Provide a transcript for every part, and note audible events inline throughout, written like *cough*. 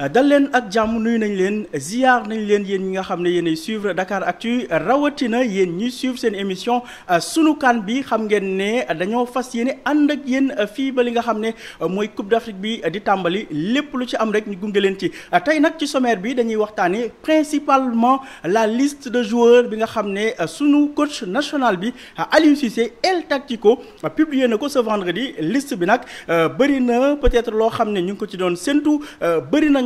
Euh, dalen ak jàmm nuy nañ len ziar nañ len yéen ñi nga xamne suivre Dakar Actu rawatina yéen ñuy suivre sen émission euh, sunu kan bi xam ngeen ne dañoo fas yéene ànd ak yéen euh, fii ba li nga xam moy Coupe d'Afrique bi di tambali lepp lu ci am rek ñu ci tay nak ci sommaire bi dañuy principalement la liste de joueurs bi nga sunu coach national bi Aliou Cissé El Tactico publié na ko ce vendredi liste bi nak bëri peut-être lo xam ñu ko ci doon sentu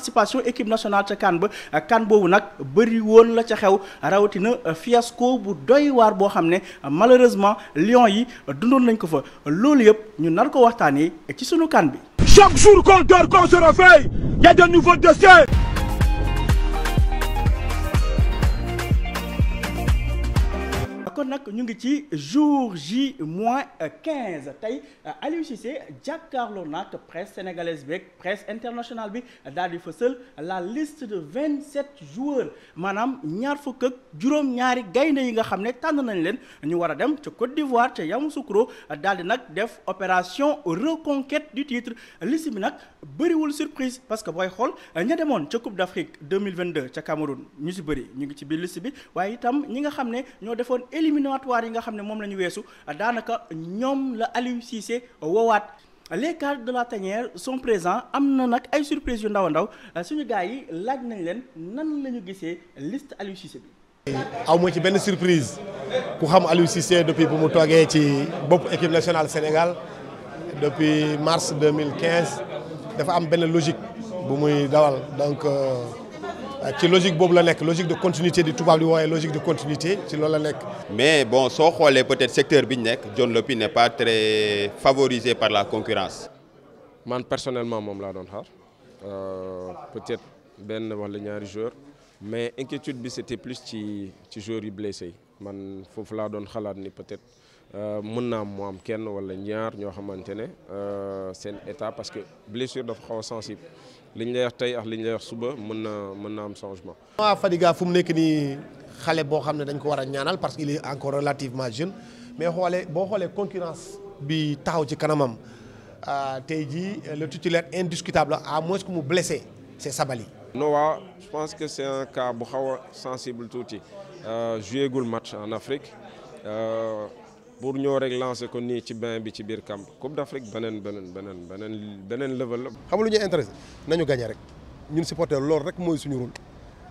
participation équipe nationale ca kan ba kan euh, boobu nag bëri woon la ci xew euh, fiasco bu doy war bo euh, malheureusement lion yi dundon nañ ko fa lolou yëpp ñu nar ko waxtani ci sunu kan bi. chaque jour qu'on dort qu'on se réveille y a de nouveaux dossiers. Nak ñu ngi ci jour J moins 15 tey euh, Aliou Cissé jàkkaarloo nak presse sénégalaise presse internationale bi daal di la liste de 27 joueurs manam ñaar fukk ak gaïne ñaari gaynde yi nga xamné tan nañ len ñu wara dem ci Côte d'Ivoire ci Yamoussoukro daal di def opération reconquête du titre liste bi wul surprise parce que boy xol ña demoon ci Coupe d'Afrique 2022 ci Cameroun ñu ci bëri ñu ngi ci bi liste bi waye itam ñi nga xamné ño éliminatoires yi nga xamne mom lañu la ñu weesu daanaka ñoom la Aliou Cissé wowat les cadres de la tanière sont présents amna nak ay surprise yu ndaw ndaw suñu gaay yi laaj nañ len nan lañu gissé liste Aliou Cissé bi. aw ci ben surprise ku xam Aliou Cissé depuis bu mu toogee ci bop équipe nationale Sénégal depuis mars 2015 dafa am ben logique bu muy dawal donc. Euh... Euh, ci logique bobu la nek logique de continuité de tubaab di logique de continuité ci loolu la nek mais bon so xolé peut-être secteur bi nek John Lopi n'est pas très favorisé par la concurrence. man personnellement la don xar euh, peut-être ben wala ñaari joueur mais inquiétude bi c'était plus ci ci joueurs yi blessé man fofu la don xalat ni peut-être euh, mën naa mu am kenn wala ñaar ñoo xamante ne euh, seen état parce que blessure dafa xaw sensible li lay wax tey ak li lay wax suba am changement. waaw Fadiga fu mu dañ ko wara ñaanal parce qu'il est encore relativement jeune mais xolé bo xolé concurrence bi taxaw ci kanamam ah, tay ji le titulaire indiscutable à moins que mu blessé c'est Sabali. Noah je pense que c'est un cas bu xaw sensible touti euh jouer gul match en Afrique. Euh, pour ñoo rek lancer ko nii ci bain bi ci biir camp Coupe d'Afrique beneen beneen beneen beneen beneen level la. xam lu ñu intéressé nañu gagné rek ñun supporter loolu rek mooy suñu rôle.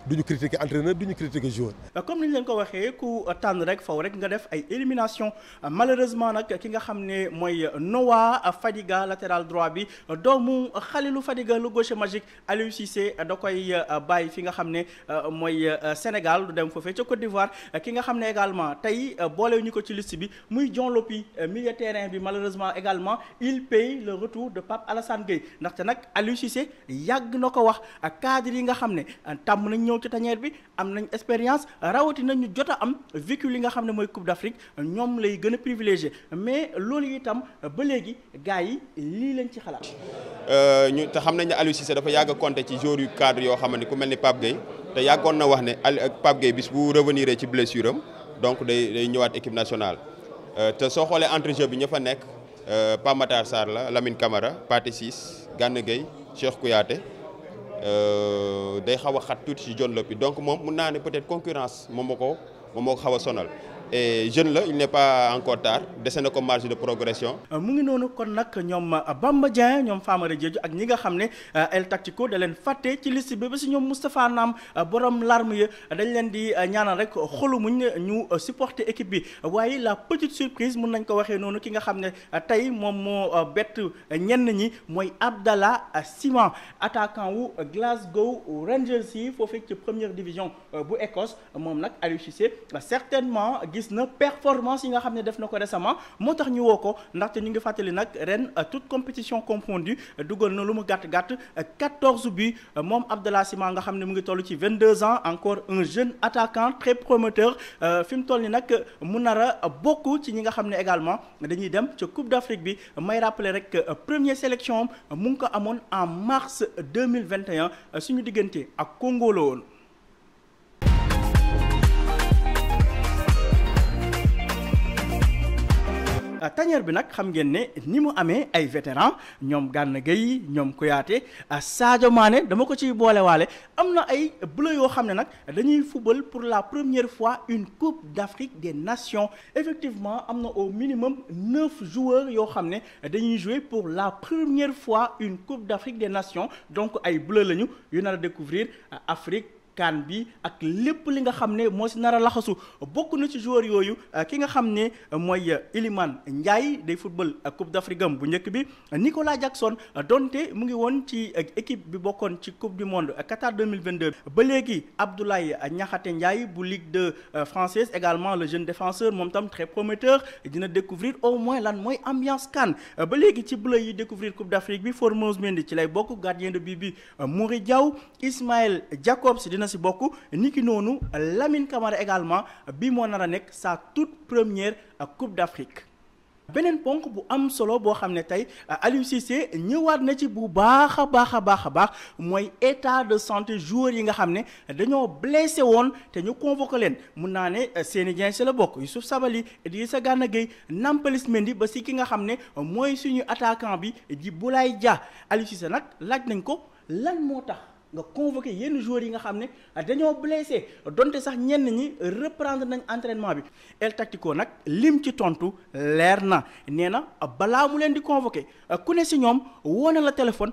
duñu critiquer entraîneur duñu critiquer joueur. Bah, comme niñ ñu leen ko waxé ku tànn rek faw rek nga def ay élimination malheureusement nak ki nga xamné moy Noah Fadiga latéral droit bi doomu Khalilou Fadiga lu gauche magique Aliou Cissé da koy euh, bay fi nga xamné euh, moy euh, Sénégal du dem fofé ci Côte d'Ivoire ki nga xamné également tay boole ñu ko ci liste bi muy John Lopi, milieu terrain bi malheureusement également il paye le retour de Pape Alassane Gueye ndaxte nak Aliou Cissé yag na ko wax cadre yi nga xamné ne nañ ñëw ci tanière bi am nañ expérience nañ ñu jot am vécu li nga xam moy Coupe d'Afrique ñom lay gëna a privilégié mais loolu itam ba légui gaay yi li lañ ci xalaat. Euh, ñu te xamnañ ni ne Cissé dafa yàgg a ci joueurs yu cadre yo xam ku melni Pape Gueye te yàggoon na wax ne ak euh, Pape Gueye bis bu revenir ci blessure am donc day day ñëwaat équipe nationale. euh te so xolé entre-jeu bi ñafa fa nekk euh, Pape Matar Sarr la Lamine Camara Pathé Ciss Gana Cheikh Kouyaté. Euh, day a donc moom peut-être concurrence moom moo ko et jeune là il n'est pas encore tard dese comme marge de progression. Euh, mu ngi noonu kon nag ñoom euh, Bamba Dieng ñoom Famara ak ñi nga xam euh, El Tactico de l'en fàtte ci liste bi ba si Moustapha Nam borom larme yi dañ leen di ñaanal rek xolu ñu supporter équipe bi la petite surprise mun nañ ko waxee noonu ki nga xam ne tey moom moo ñenn ñi Abdallah Simon attaquant wu Glasgow Rangers yi fait ci première division bu Écosse moom nag Aliou certainement gis na performance yi nga xam def nako récemment motax ñu woko ndax ndaxte ñu ngi euh, toute compétition confondue euh, dugal na lu mu gatt 14 euh, buts mom Abdallah Sima nga xam mu ngi ci 22 ans encore un jeune attaquant très prometteur fim mu nak beaucoup, nag mu a ci ñi nga également dañuy dem ci Coupe d'Afrique bi may rappeler rek première sélection mu ko amone en mars 2021 suñu digënté ak Congo la Euh, tanière bi nak xam ngeen ne ni mu amé ay vétéran ñom gan Gueye ñom kuyaté euh, Sadio Mané dama ko ci bolé walé amna ay bleu yo xamné nak dañuy football pour la première fois une coupe d'Afrique des nations effectivement amna au minimum neuf joueurs yo xamné dañuy jouer pour la première fois une coupe d'Afrique des nations donc ay bleu lañu yu na découvrir euh, Afrique kan bi ak lepp li nga xam mo ci nara laxasu bokku na ci joueur yoyu euh, ki nga xam euh, moy euh, Iliman Ndiaye day football Coupe d'Afrique bu ñëk bi Nicolas Jackson donté mu ngi won ci équipe bi bokkoon ci Coupe du Monde Qatar 2022 ba légui Abdoulaye Niakhaté Ndiaye bu Ligue 2 française également le jeune défenseur mom tam très prometteur dina découvrir au moins lan moy ambiance CAN ba légui ci bleu yi découvrir Coupe d'Afrique bi Formose Mendy ci lay bokku gardien de but bi Mory Diaw Ismaël Jacobs dina si beaucoup niki nonou Lamine Camara également bi mo sa toute première euh, Coupe d'Afrique benen ponk bu am solo bo xam tay euh, Aliou Cissé ñëwaat na ci bu baax moy état de santé joueur yi nga xam dañoo blessé woon té ñu convoqué leen mun naa ne euh, Seny Dieng la bokk Youssouf Sabaly Idrissa Gana ba si ki nga moy suñu attaquant bi di Boulaye Dia Aliou Cissé nak laaj nañ ko lan mota nga convoqué yenn joueurs yi nga xam ne dañoo blessé donte sax ñenn ñi reprendre nañ entraînement bi El Tactico nag lim ci tontu leer na nee na balaa mu leen di convoqué ku ne si ñoom woo na la téléphone.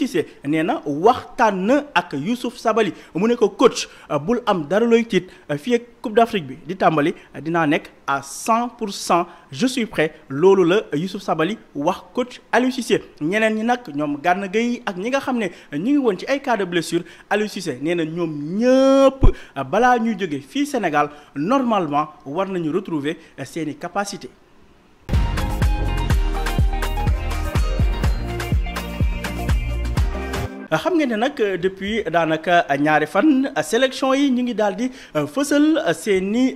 Cissé nee ak Youssouf Sabali mu coach bul am dara Coupe d'Afrique bi di à 100 je suis prêt loolu la Youssouf Sabali wax coach Aliou ñeneen ñi nag ñoom ak ñi cas de blessure Aliou Cissé nee na ñoom ñëpp Sénégal normalement war nañu retrouver ses capacités. xam euh, depuis daanaka ñaari fan euh, sélection yi ñu ngi daal di euh, fësal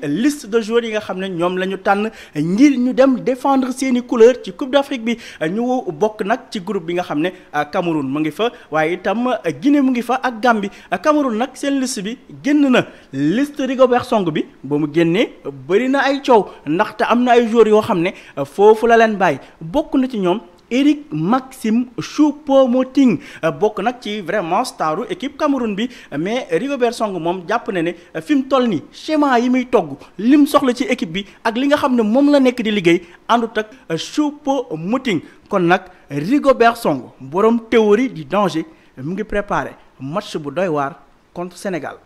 liste de joueurs yi nga xam ne ñoom la défendre seen couleur ci Coupe d'Afrique bi ñu bokk nag ci groupe bi nga Cameroun mu ngi fa waaye itam Guinée mu ngi fa ak Cameroun nag seen liste bi liste Rigobert bi ba mu génnee na ay joueurs yoo xam ne la Eric Maxime Choupo-Moting euh, bok nak ci vraiment staru équipe Cameroun bi euh, mais Rigobert Song mom japp na ne euh, fi toll ni schéma yi togg lim soxla ci équipe bi ak li nga xam ne la nek di liggéey ak Choupo-Moting kon nak Rigobert Song borom théorie du danger mu ngi préparé match bu doy contre Sénégal.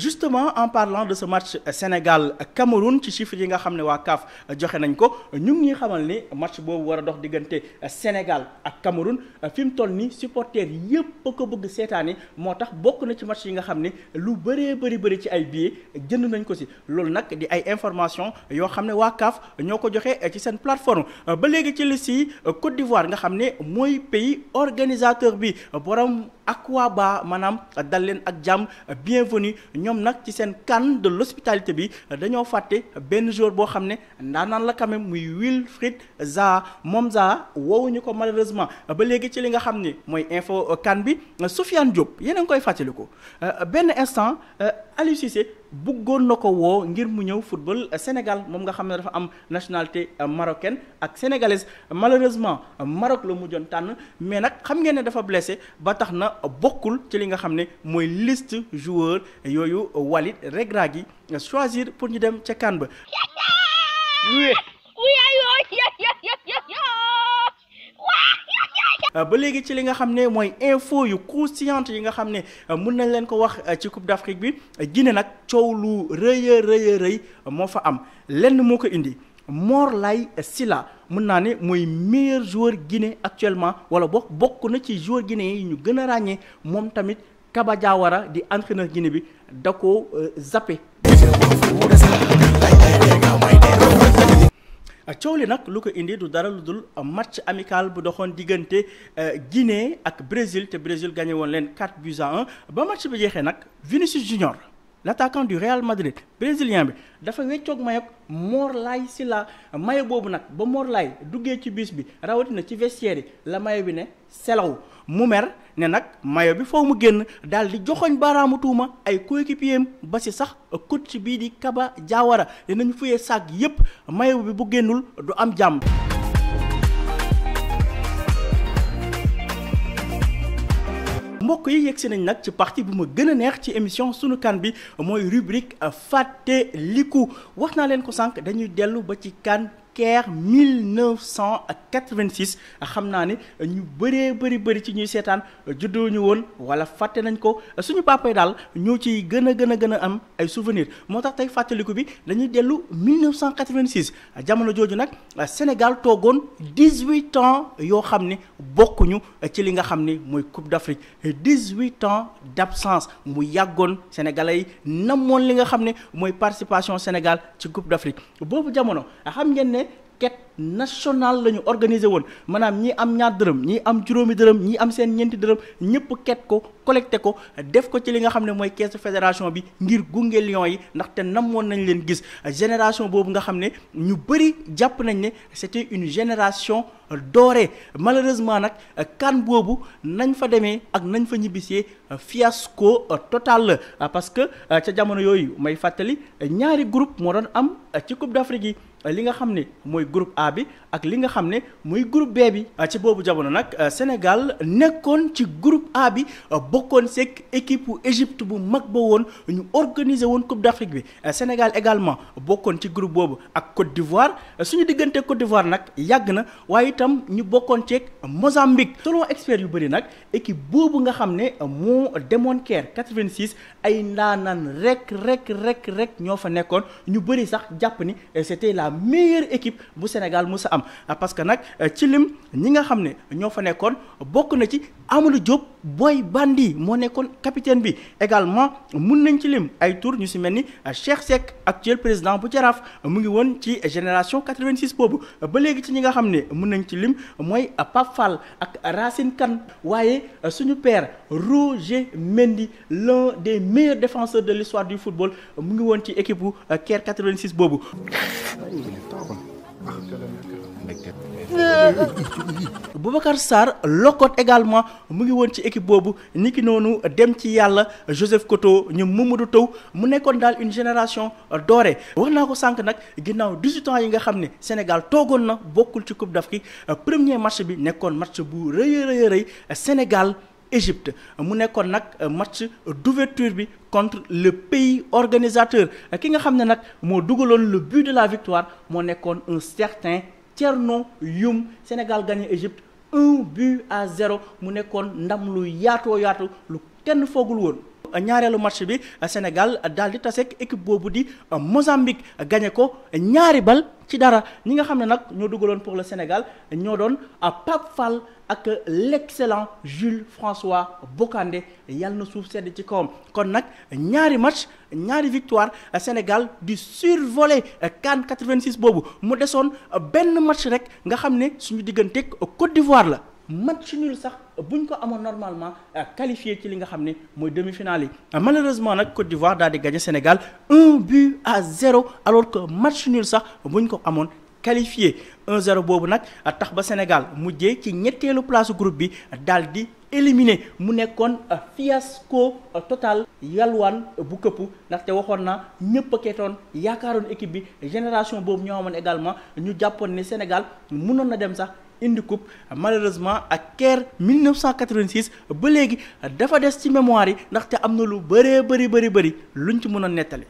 justement en parlant de ce match euh, Sénégal Cameroun ci chiffre yi nga xam ne waa CAF euh, joxe nañ ko ñu ngi ñuy match boobu war a dox diggante euh, Sénégal ak Cameroun fi mu toll nii supporters yëpp a ko bëgg seetaani moo tax bokk na ci match yi nga xam ne lu bëree bëri bëri ci ay billets jënd nañ ko si loolu nag di ay information yoo xam ne CAF ñoo ko ci seen plateforme ba léegi ci Côte d'Ivoire nga xam ne pays organisateur bi borom. Aquaba madame Dalen Adjam, bienvenue Nous sommes ci les CAN de l'hospitalité Nous avons fàtte benn Nous boo Nous la Wilfried Zaha Momza, malheureusement ba ci li nga info Diop a euh, instant. Euh, Aliou Cissé bëggoon na ko woo ngir mu ñëw football Sénégal moom nga xam ne dafa am nationalité marocaine ak sénégalaise malheureusement Maroc la mujjoon tànn mais nag xam ngeen ne dafa blessé ba tax na bokkul ci li nga xam ne mooy liste joueur yooyu Walid Regragui choisir pour ñu dem ca ba euh, ba léegi ci li nga xamné moy info yu croustillante yi nga xamné euh, mën nañ leen ko wax euh, ci Coupe d'Afrique bi Guinée nak coow lu reuy reuy rëy a fa am lenn moko indi Morlaye sila mën naa ne mooy meilleur joueur Guinée actuellement wala bokk bokk na ci joueur Guinée yi ñu gën a ràññee moom tamit Kaba Diawara di entraîneur Guinée bi da ko zappé coow li nag lu ko indi du dara lu dul match amical bu doxoon diggante euh, Guinée ak Brésil te Brésil gagné woon leen 4 buts à 1 ba match bi jeexee nag Vinicius Junior l'attaquant du Real Madrid brésilien bi dafa weccoog mayoog Morlaay Sila mayo boobu nag ba Morlaay duggee ci bis bi rawatina ci vestiaire yi la mayo bi ne selaw mu mer ne nag mayo bi foo mu génn daal di joxoñ baaraamu tuuma ay coéquipier am ba si sax coach bii di Kaba Diawara dinañu fuyee saak yépp mayo bi bu génnul du am jàmm. mbokk yi yegg si nañ nag ci partie bi ma gën a neex ci émission sunu kan bi mooy rubrique fàtte liku wax naa leen ko sànq dañuy dellu ba ci kan Caire 1986 xam naa ne ñu bëree bëri bëri ci ñuy seetaan juddoo ñu woon wala fàtte nañ ko suñu papa yi daal ñoo ciy gën a gën a gën a am ay souvenirs moo tax tey fàttaliku bi dañuy dellu 1986 jamono jooju le Sénégal toogoon 18 ans yoo xam ne bokkuñu ci li nga xam ne mooy Coupe d'Afrique 18 ans d'absence mu yàggoon Sénégalais yi namoon li nga xam ne mooy participation Sénégal ci Coupe d'Afrique boobu jamono xam ngeen ne. cách national la ñu organisé woon maanaam ñi am ñaar dërëm ñi am juróomi dërëm ñi am seen ñeenti dërëm ñëpp ket ko collecté ko def ko ci li nga xam ne mooy caisse fédération bi ngir gunge lion yi ndaxte woon nañ leen gis génération boobu nga xam ne ñu bëri jàpp nañ ne c'était une génération doore malheureusement nag kan boobu nañ fa demee ak nañ fa ñibbisee fiasco total la parce que ca jamono yooyu may fàttali ñaari groupe moo doon am ci coupe d'Afrique yi li nga xam ne mooy groupe A A bi ak li nga xam ne muy groupe B bi ah, ci boobu jamono nag euh, Sénégal nekkoon ci groupe A bi euh, bokkoon seeg équipe Égypte bu mag ba woon ñu organiser woon Coupe d'Afrique bi euh, Sénégal également bokkoon ci groupe boobu ak Côte d'Ivoire suñu diggante Côte d'Ivoire nag yàgg na waaye itam ñu bokkoon ceeg Mozambique selon expert yu bëri nag équipe boobu nga xam ne moo demoon Caire 86 ay ndaanaan rek rek rek rek ñoo fa nekkoon ñu bëri sax jàpp ni c'était la meilleure équipe bu Sénégal Sénégal Moussa am ah, parce que nak euh, ci lim ñi nga xamné fa na ci Boy Bandi mo capitaine b également mën nañ ci lim ay tour ñu euh, actuel président bu Jaraaf mu ngi génération 86 bobu ba légui ci ñi nga xamné mën nañ ci lim moy euh, Pape Fall ak Racine Kane wayé suñu père Roger Mendy l'un des meilleurs défenseurs de l'histoire du football mu ngi won ci équipe 86 bobu *laughs* Boubacar Sar, lokot également mu ngi woon ci équipe bobu Joseph Koto ñu Mamadou Taw une génération dorée wax naa ko nak 18 ans yi Sénégal togon na ci Coupe d'Afrique premier match bi nekkoon match bu Ré, Sénégal Égypte mu match d'ouverture bi contre le pays organisateur euh, ki nga xamné nak mo moo le but de la victoire mo nekkoon un certain Tierno Yum. Sénégal gagne Égypte un but à zéro mu nekkoon ndam lu yaatoo yaatu lu kenn fogul won euh, ñaarelu match bi euh, Sénégal daal di tase équipe bobu di Mozambique gagné ko ñaari bal ci dara ñi nga xamné nak ño ñoo pour le Sénégal don doon Pape Fall ak l'excellent Jules François Bocandé Yal na c'est ci kon nak ñaari match ñaari victoire Sénégal du survolé CAN 86 bobu match rek nga Côte d'Ivoire la match nul sax buñ normalement qualifié ci li demi-finale malheureusement nak Côte d'Ivoire a di Sénégal 1 but à 0. alors que match nul sax buñ ko qualifié 1-0 boobu nag tax ba Sénégal mujjé ci ñettelu place groupe bi daldi éliminé mu nekkoon euh, fiasco euh, total yalwaan bu këpp ndaxte waxoon naa ñëpp a keetoon équipe bi génération bobu ñoo amoon également ñu jàppoon Sénégal mënon na dem sax indi coupe malheureusement à Caire 1986 ba légui dafa dess ci mémoire yi ndaxte am na lu béré bëri bëri bëri luñ ci mënoon netalé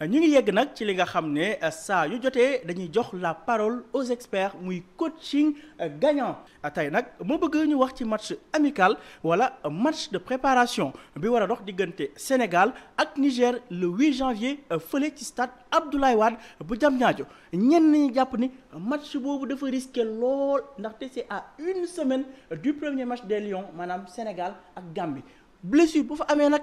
Euh, ñu ngi yegg nag ci li nga xam ne euh, yu jotee dañuy jox la parole aux experts muy coaching euh, gagnant tey nag moo bëgg ñu wax ci match amical wala match de préparation bi war a dox diggante Sénégal ak Niger le 8 janvier fële ci stade Abdoulaye Wade bu Diamniadio ñenn ñi jàpp ni match boobu dafa risqué lool ndaxte c'est à une semaine du premier match des Lions maanaam Sénégal ak Gambie blessure bu fa amee nag.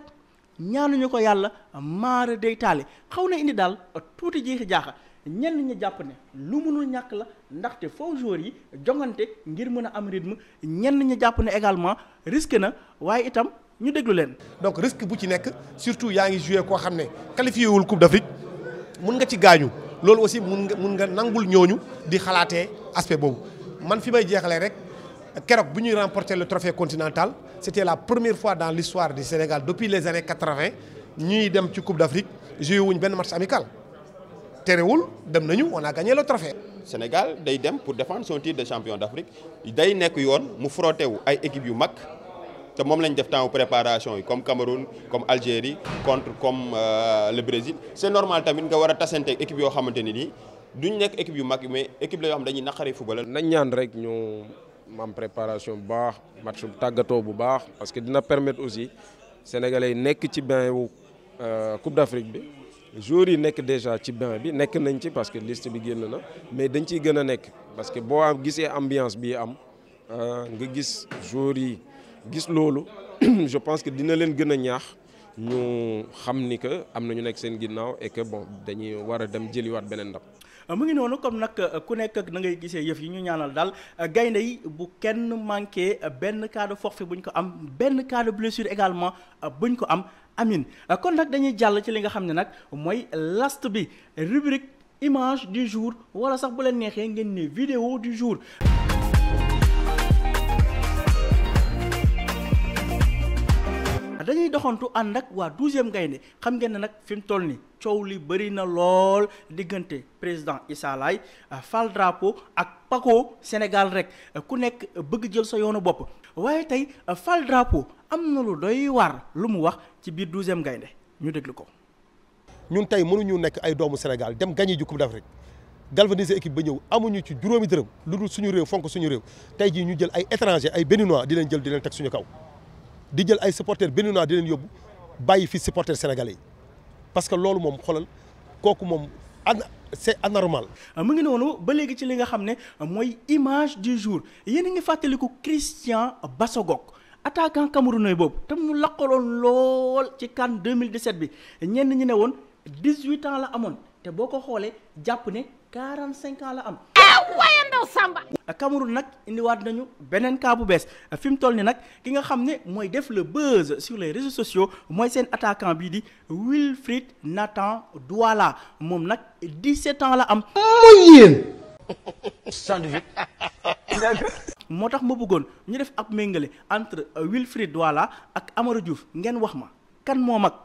ñaanuñu ko yàlla maara day taali xaw na indi daal tuuti jiixi jaaxa ñenn ñi jàpp ne lu mënul ñàkk la ndaxte faux joueurs yi jongante ngir mën a am rythme ñenn ñi jàpp ne également risque na waaye itam ñu déglu leen. donc risque bu ci nekk surtout yaa ngi joué koo xam ne qualifié wul coupe d'Afrique mun nga ci gaañu loolu aussi mun nga mun nga nangul ñooñu di xalaatee aspect boobu man fi may jeexalee rek. Kérok, bu ñuy remporter le trophée continental c'était la première fois dans l'histoire du Sénégal depuis les années 80 Nous dem ci Coupe d'Afrique j'ai eu une match amical Téréoul, on a gagné le trophée. Sénégal day pour défendre son titre de champion d'Afrique day nekk yoon mu frotté wu ay équipes yu mag te moom lañ def temps préparation comme Cameroun comme Algérie contre comme euh, le Brésil c'est normal tamine nga war a équipe yoo xamante ni duñ équipe yu mais équipe la yoo xam dañuy de football. nañ ñaan Ma préparation bu baax match tagato bu baax parce que dina permettre aussi sénégalais nek nekk ci bain wu euh, Coupe d'Afrique bi jour yi nek déjà ci bain bi nek nañ ci parce que liste bi génn na mais dañ ci gëna nek parce que am gisé ambiance bi am euh, nga gis jour yi gis lolu *clears throat* je pense que dina leen gëna ñaax ñu xam ni que am ñu seen ginnaw et que bon dañuy wara dem dem wat benen ndam mu comme nak euh, ku nek ak ngay gisee yëf yi ñu ñaanal euh, yi bu kenn manqué ben cas de forfait buñ ko am ben cas de blessure également buñ ko am amine. kon nak dañuy jall ci li nga nak moy last bi rubrique image du jour wala sax bu len nexé ngeen vidéo du jour dañuy doxantu ànd ak waa douzième gaynde xam ngeen ne nag fi mu toll nii coow li bëri na lool diggante président Issa Laye euh, Fall ak Paco Sénégal rek euh, ku nekk bëgg jël sa yoonu bopp waaye tey euh, Fall Drapeau am na lu doy waar lu mu wax ci biir douzième gaynde ñu déglu ko. ñun tey mënuñu nekk ay doomu Sénégal dem gagné ji Coupe d'Afrique galvaniser équipe ba ñëw amuñu ci juróomi dërëm lu dul suñu réew fonk suñu réew tey jii ñu jël ay étranger ay béninois di leen jël di leen teg suñu kaw. di jël ay supporters béninois di leen yóbbu bàyyi fi supporters sénégalais yi parce que loolu moom xoolal kooku moom an c'est anormal. Euh, mu ngi noonu ba léegi ci li nga xam ne mooy image du jour yéen a ngi fàttaliku Christian Bassogok attaquant camerounais boobu tam ñu laqaloon lool ci CAN 2017 bi ñenn ñi ne woon 18 ans la amoon te boo ko xoolee jàpp ne 45 cinquant la am. waaye ndaw Samba. Cameroun nag indiwaat nañu benen cas bu bees fim tolni nak ki nga xamné moy def le buzz sur les réseaux sociaux moy sen attaquant bi di Wilfried Nathan Douala mom nak 17 ans la am. moy yeen sandwich. moo tax ma bëggoon ñu def ab méngale entre Wilfried Douala ak Amadou Diouf ngén wax ma kan mo mak